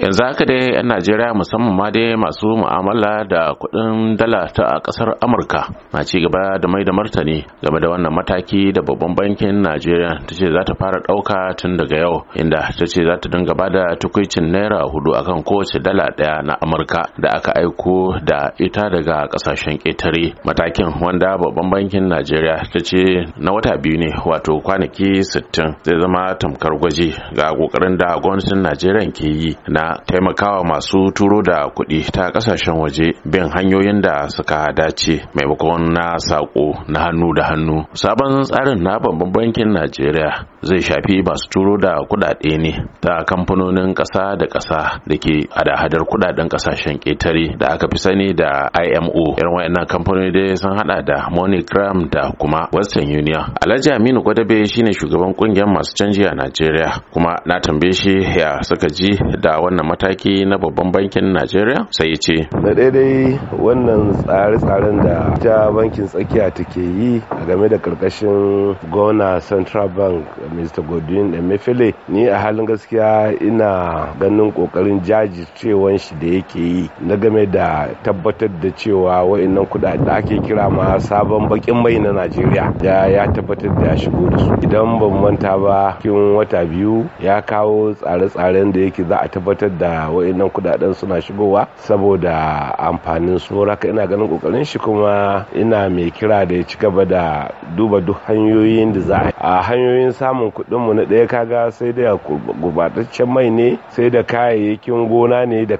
yanzu haka dai yan najeriya musamman ma dai masu mu'amala da kuɗin dala ta a kasar amurka na ci gaba da mai da martani game da wannan mataki da babban bankin najeriya ta ce za ta fara ɗauka tun daga yau inda ta ce za ta dinga ba da tukwicin naira hudu akan kowace dala ɗaya na amurka da aka aiko da ita daga ƙasashen ƙetare matakin wanda babban bankin najeriya ta ce na wata biyu ne wato kwanaki sittin zai zama tamkar gwaji ga kokarin da gwamnatin najeriya ke yi na taimakawa masu turo da kuɗi ta ƙasashen waje bin hanyoyin da suka dace maimakon na sako na hannu da hannu sabon tsarin na babban bankin najeriya zai shafi masu turo da kuɗaɗe ne ta kamfanonin ƙasa da ƙasa da ke hada-hadar kuɗaɗen ƙasashen ƙetare da aka fi sani da imo irin wayannan kamfanoni dai sun hada da moneygram da kuma western union alhaji aminu gwadabe shine shugaban ƙungiyar masu canji a najeriya kuma na tambaye shi ya suka ji da wannan wannan mataki na babban bankin najeriya sai ya ce na daidai wannan tsare-tsaren da ta bankin tsakiya take yi a game da karkashin gona central bank mr godwin emefiele ni a halin gaskiya ina ganin kokarin jajircewan shi da yake yi na game da tabbatar da cewa wa'annan kuɗaɗe da ake kira ma sabon bakin mai na najeriya ya tabbatar da ya shigo da su idan ban manta ba cikin wata biyu ya kawo tsare-tsaren da yake za a tabbatar da wa'annan kudaden suna shigowa saboda amfanin su raka ina ganin kokarin shi kuma ina mai kira da ya ci gaba da duba duk hanyoyin da za a a hanyoyin samun kuɗinmu na ɗaya kaga sai da gubataccen mai ne sai da kayayyakin gona ne da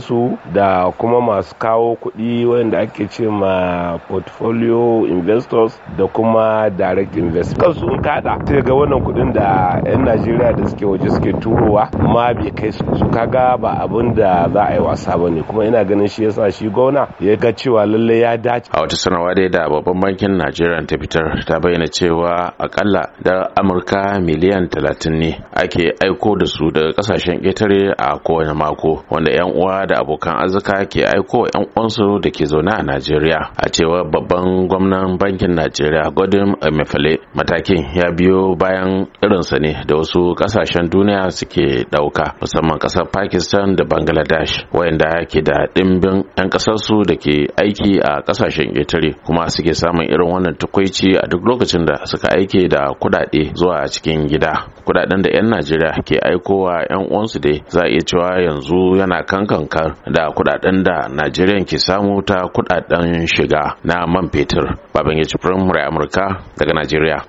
su da kuma masu kawo kuɗi wanda ake ce ma portfolio investors da kuma direct investors kansu in kada sai ga wannan kuɗin da 'yan najeriya da suke waje suke turowa ma bai kai su kaga ba abin da za a yi wasa ba ne kuma ina ganin shi yasa shi gona ya ga cewa lallai ya dace a wata sanarwa dai da babban bankin najeriya ta fitar ta bayyana cewa akalla da amurka miliyan talatin ne ake aiko da su daga kasashen ƙetare a kowane mako wanda yan uwa da abokan arzika ke aiko yan uwansu da ke zaune a najeriya a cewa babban gwamnan bankin najeriya godin emefale matakin ya biyo bayan irinsa ne da wasu kasashen duniya suke ɗauka musamman ƙasar pakistan da bangladesh wayanda ke da ɗimbin 'yan ƙasarsu da ke aiki a ƙasashen ƙetare kuma suke samun irin wannan tukwaici a duk lokacin da suka aike da Kudade kuɗaɗe zuwa cikin gida kudaden da 'yan najeriya ke aikowa 'yan uwansu dai za a cewa yanzu yana kankankar da kudaden da najeriya ke samu ta kudaden shiga na man fetur baban ya ci amurka daga najeriya